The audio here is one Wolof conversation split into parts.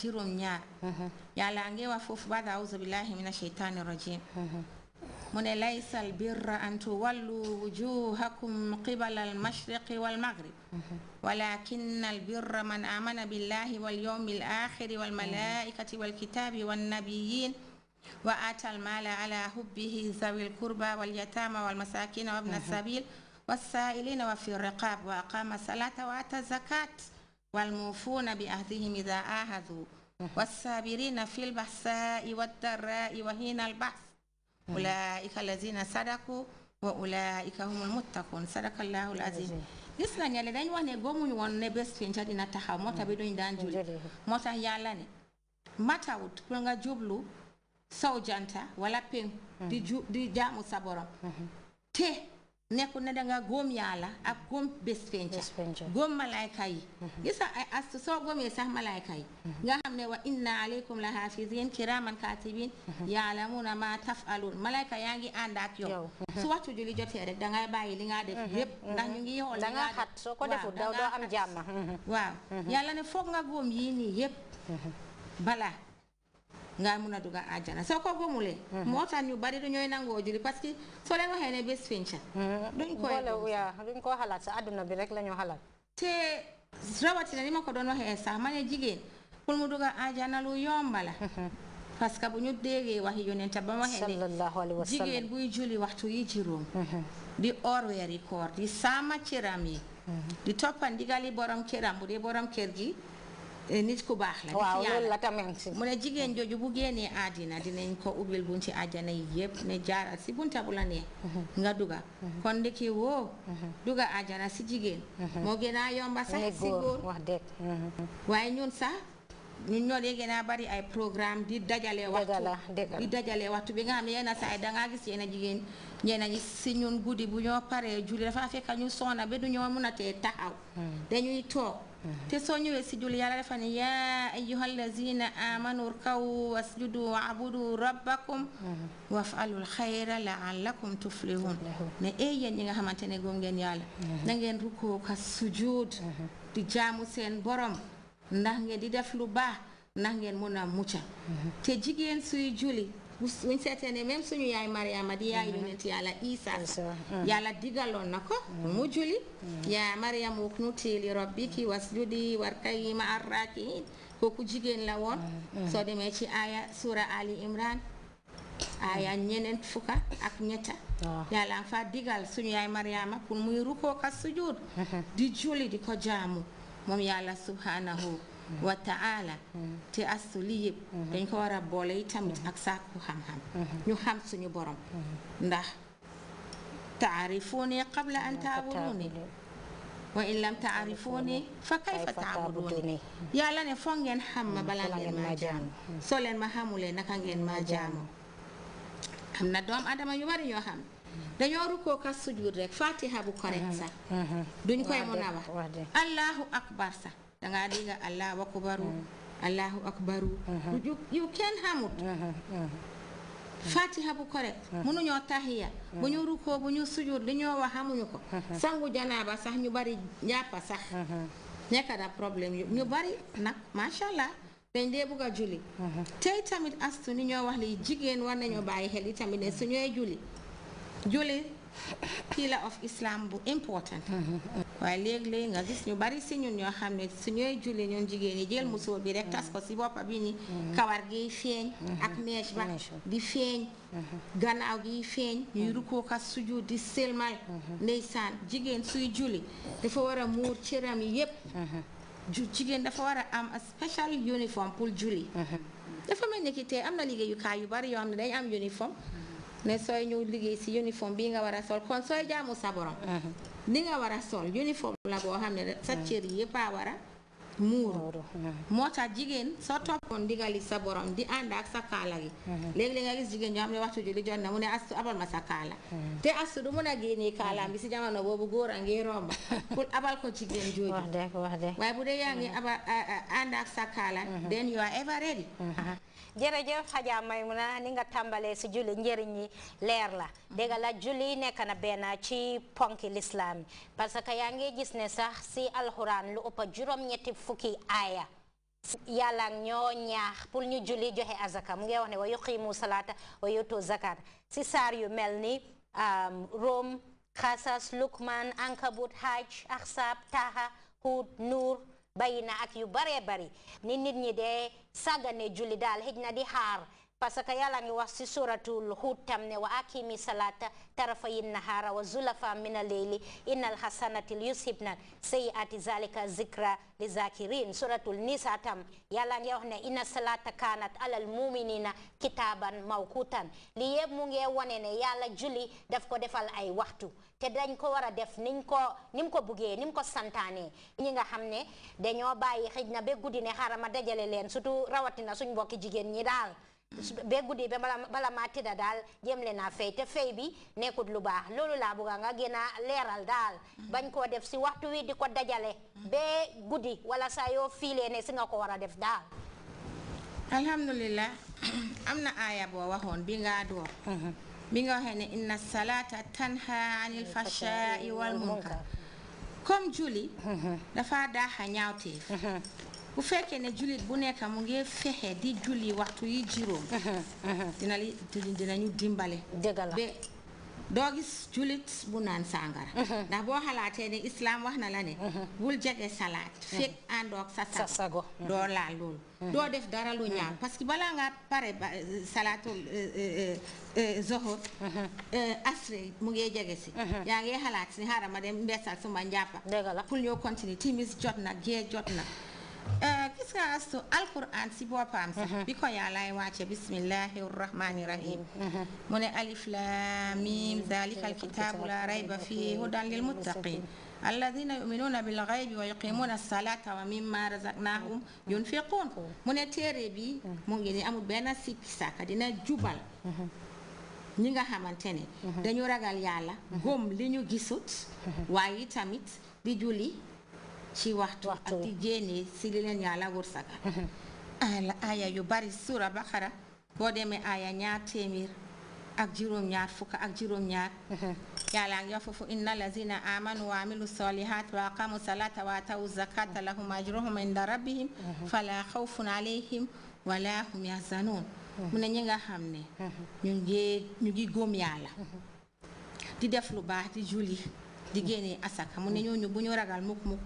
tiro nya mm-hmm. ya lange wa fof bada auzu billahi minash shaitani rajim من ليس البر أن تولوا وجوهكم قبل المشرق والمغرب ولكن البر من آمن بالله واليوم الآخر والملائكة والكتاب والنبيين وآتى المال على حبه ذوي القربى واليتامى والمساكين وابن السبيل والسائلين وفي الرقاب وأقام الصلاة وآتى الزكاة والموفون بعهدهم إذا عاهدوا والصابرين في البحثاء والضراء وحين البحث أولئك الذين صدقوا وأولئك هم المتقون صدق الله العظيم gis nañ ne dañ wax ne gëmuñ woon ne bés fi nga dina taxaw moo tax bi duñ daan moo tax yàlla ne matawut pour nga jublu sow janta wala penku di jaamu sa te nekkul ne danga góom yàlla ak góom bés penca góom malayka yi mhm. gisa as soo góomee sax malayka yi mhm. nga xam ne wa inna aleykum la hafizin kiraman katibin mhm. yaalamuna ma tafalun malayka yaa ngi ànd ak yow su waxtu julli jotee rek dangay bàyyi li nga def yépp ndax ñu ngi yow danga xat soo ko defut doo am jàmm waaw yàlla ne foog nga góom yii nii yépp bala nga mun a dugga àjjana soo ko gëmulee mhm. moo tax ñu bari du ñooy nangoo julli parce que soo leen waxee ne bés finca mhm. duñ koy duñ ko xalaat sa àdduna bi rek lañu xalaat te rawatina ni ma ko doon waxee sax ma ne jigéen pour mu dugga àjjana lu yomba la mhm. parce que bu ñu déggee waxi yonent ba ma waxee ne jigéen buy julli waxtu yi juróom di or weeri koor di saama cëram yi di toppa ndigali borom këram bu dee borom kër gi nit ku baax la waaw loolu la tamit mu ne jigéen jooju bu génnee àddina dinañ ko ubbil ci àjjana yépp ne jaaral si bunta bu la neex mhm. nga duga mhm. kon ndiki woo mhm. duga àjjana si jigéen moo gën a yomba sax si góor wax dëgg waaye ñun sax ñun ñoo dee gën a bari ay programme di dajale waxtu di dajale waxtu bi nga xam ne yenn saa yi e dangaa gis yenn jigéen ñenn ñi si ñun guddi bu ñoo paree julli dafa fekk ñu soona ba du ñoo mën a taxaw dañuy toog te soo ñëwee si julli yàlla dafa ne yaa ayyuhal lazina amanu rkaw wasjudu waabudu rabbakum mm-hmm. wafalul xayra laallakum tuflihun ne ay yéen nga xamante ne gëm ngeen yàlla mm-hmm. na ngeen rukkoo ka sujud mm-hmm. di jaamu seen borom ndax ngeen di def lu baax ndax ngeen mën a mucca te jigéen suy julli buñ seetee ne même suñu yaay Mariama di yaay yonent yàlla Isa yàlla mm. digaloon na ko mm. Mm. mu juli yaa Mariam uknuti li rabbiki wasjudi warkayi ma arrakiin kooku jigéen la woon soo demee ci aaya suura Ali Imran aaya ñeneen fukka ak ñetta ah. yàlla fa digal suñu yaay Mariama pour muy rukkoo sujud di juli di ko jaamu moom yàlla subhanahu Mm-hmm. wa taala mm-hmm. te astu li yëpp mm-hmm. dañ ko war a boole yi tamit ak sàkku xam-xam ñu xam suñu borom ndax taarifuuni qabla an taabuduuni wa in lam taarifuuni fa kayfa taabuduuni yàlla ne foog ngeen xam ma bala ngeen maa jaamu soo leen ma xamulee naka ngeen ma jaamu am na doom adama yu bari yoo xam dañoo rukkoo ka sujud rek fatiha bu correct sax duñ koy mën a wax allahu akbar sax danga dinga allahu akbaru mm. allahu akbaru mm-hmm. you can hamut mm-hmm. mm-hmm. fatiha bu correct mënuñoo tahiya bu ñu rukkoo bu ñu sujur li ñoo wax xamuñu ko sangu janaaba sax ñu bari njàppa sax nekka da problème yu ñu bari nag masha allah dañ dee bugg a julli tey tamit astu ni ñoo wax li jigéen war nañoo bàyyi xel yi tamit ne su ñooy julli julli pillar of islaam bu important mm-hmm. waaye léeg-léeg nga gis ñu bari si ñun ñoo xam ne su ñooy julli ñun jigéen ñi jël musóor bi rek tas ko si boppa bi ni mm-hmm. kawar gi feeñ mm-hmm. ak mèche ba di feeñ gannaaw gi feeñ ñuy rukkooka sujud di selmal ndeysaan jigéen suy julli dafa war a muur cëram yépp jigéen dafa war a am a special uniform pour julli dafa mel ni ki tey am na liggéeyukaay yu bari yoo xam ne dañ am uniform ne sooy ñëw liggéey si uniforme bii nga war a sol kon sooy jaamu sa borom li uh-huh. nga war a sol uniforme la boo xam ne sa uh-huh. cër yëpp a war a muuru uh-huh. moo tax jigéen soo toppoon ndigali sa borom di ànd ak sa kaala gi léegi-léeg nga jigéen ñoo xam ne waxtu julli jot na mu ne astu abal ma sa kaala te astu du mun a génnee kaalaam bi si jamono boobu góor a ngi romba pour abal ko jigéen jooju waaye bu dee yaa ngi abal ànd ak sa kaala then you are ever ready jërëjëf xajaa Maymuna ni nga tàmbalee si julli njëriñ yi leer la dégg la julli nekk na benn ci ponki lislaam parce que yaa ngi gis ne sax si alxuraan lu ëpp juróom-ñetti fukki aaya yàlla ñoo ñaax pour ñu julli joxe azaka mu ngi wax ne wa yuqiimu salaata wa yutu zakat si saar yu mel ni Rom Xasas Lukman Ankabut Hajj Ahsaab Taha Hud Nuur bay na ak yu baree bari ni nit ñi dee sàggane julli daal xëj na di xaar parce que yàlla ngi wax si suratul Hud tam ne wa akimi salata tarafayi nahara wa zulafa min al-layli innal hasanati yusibna sayyiati zalika zikra li zakirin suratul nisa tam yàlla ngi wax ne inna salata kanat alal muminina kitaban mawkutan li yëpp mu ngi wone ne yàlla julli daf ko defal ay waxtu te dañ ko war a def niñ ko ni mu ko buggee nim ko santaanee ñi nga xam ne dañoo bàyyi xëj na ba guddi ne xaaral ma dajale leen surtout rawatina suñ mbokki jigéen ñi daal ba guddi ba bala maa tëdda daal jéem leen a fay te fay bi nekkut lu baax loolu laa bëgga nga gën a leeral daal mm-hmm. bañ koo def si waxtu wi di ko dajale mm-hmm. ba guddi wala saa yoo fiilee ne si nga ko war a def daal alhamdulilah am na aaya boo waxoon bi nga door mm-hmm. bi nga waxee ne inna salata tanha anil fashaa'i wal munkar comme juli dafa mhm. daaxa ñaawteef bu mhm. fekke ne juli bu nekk mu ngi fexe di julli waxtu yi juróom mhm. dina li dinañu dimbale dëgg doo gis jullit bu naan sàngara mhm. ndax boo xalaatee ni islaam wax na la ne mhm. bul jege salaat mhm. fekk àndoog sa sago doo laal loolu doo def dara lu ñaam parce que balaa nga pare euh, salaatul euh, euh, zohor asre mu ngee jege si yaa ngee xalaat si xaaral ma dem mbeesal suma njàppa pour ñoo continuer timis jot na gee jot na Euh, gis nga astu alquran si boppam sax mhm. bi ko yàllaay wàcce bismillahi rahmani rahim mhm. mhm. mu ne alif lam mim zalika alkitabu la rayba fihi hudan lil muttaqin alladina yuminuna bil ghaybi wa yuqimuna salata wa mimma razaqnahum yunfiqun mu ne téere bi mu ngi ni amul benn sikki sàkka dina jubal ñi nga xamante ne dañu ragal yàlla gom li ñu gisut waaye tamit di julli ci waxtu ak di génne si leen yàlla wërsaka ala yu bari suura Baqara boo demee aaya ñaar téeméer ak juróom-ñaar fukk ak juróom-ñaar yàlla ngi wax foofu inna lazina amanu wa amilu solihat wa aqamu salata wa atawu zakata lahum ajruhum inda rabbihim mhm. fala xawfun alayhim wala hum yahzanun mhm. mu ne ñi nga xam ne mhm. ñu ngi ñu yàlla di def lu baax di julli di génne asaka mu ne ñooñu bu ñu ragal mukk mukk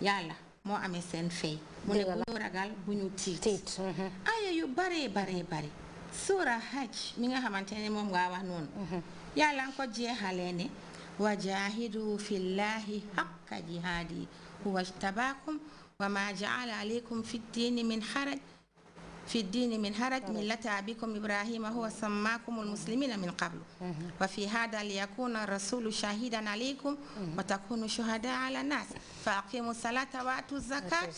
yàlla moo amee seen fey mu ne bu ñu ragal bu tiit mhm. aaya yu bare bare bare suura hajj mi nga xamante ne moom nga wax noonu mhm. yàlla nga ko jeexalee ne wajahidu fillahi haqqa jihaadi huwa jtabaakum wa ma fi ddiini min xaraj في الدين من هرج ملة أبيكم إبراهيم هو سماكم المسلمين من قبل وفي هذا ليكون الرسول شهيدا عليكم وتكونوا شهداء على الناس فأقيموا الصلاة وأتوا الزكاة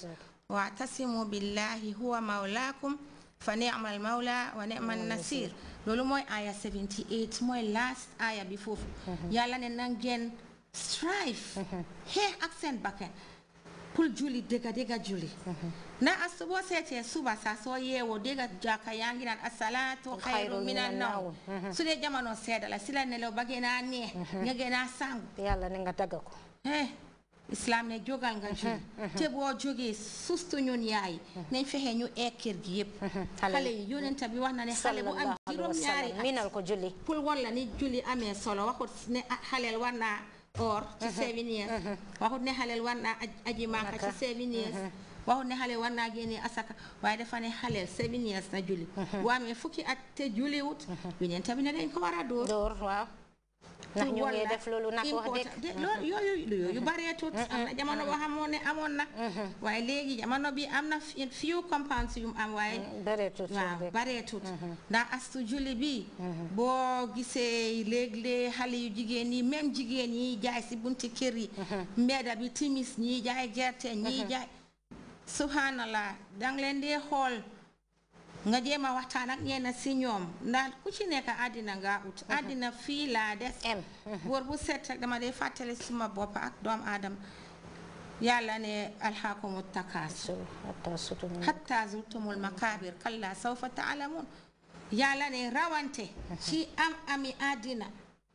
واعتصموا بالله هو مولاكم فنعم المولى ونعم نعم النصير لولو موي آية 78 موي last آية بفوف fofu yalla ne nangen strive here accent bakken pul juli daga daga juli uh-huh. na asubo sete suba sa so yewo daga jaka yanginan assalatu khairu minan nawm uh-huh. sule jamano sedala sila ne lo bagena ne uh-huh. ngege na sangu yalla ne nga daga ko eh islam ne jogal nga juli te boo jógee sustu ñun yaay nañ fexe ñu ekkir gi yëpp xale yi yonent bi wax na ne xale bu am juróom ñaari amee solo waxut ne xaleel war naa or ci uh-huh. seven years uh-huh. waxut ne xaleel war naa aji màkka ci seven years uh-huh. waxut ne xaleel war naa génnee asaka waaye dafa ne xaleel seven years na julli waamee fukki at te julliwut yu neen tamit ne dañ ko war a dóor waaw ndax ñu ngi def loolu nag wax dëgg yooyu yooyu bareetut am na jamono boo xamoon ne amoon na mm-hmm. waaye léegi jamono bi am na few compounds yu am waaye mm, bareetut waaw bareetut mm-hmm. ndax astu julli bi mm-hmm. boo gisee léeg-léeg xale yu jigéen yi même jigéen yi jaay si bunti kër yi mbedda bi timis ñii jaay gerte ñii jaay subhanallah dang leen dee xool nga jéem a waxtaan ak ñenn si ñoom ndax ku ci nekk àddina ngaa ut mhm. àddina fii laa des wóor mhm. bu set dama dee fàttali suma bopp ak doom aadama yàlla ne alxaakumu takaasur xataa zurtumul makaabir kalla sawfa taalamun yàlla ne rawante mhm. ci am ami àddina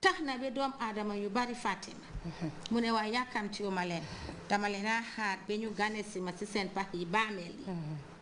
tax na ba doom aadama yu bari fàtte mu ne waa yàkkamtiwuma leen dama leen a xaar ba ñu gane si ma ci seen pax yi baameel yi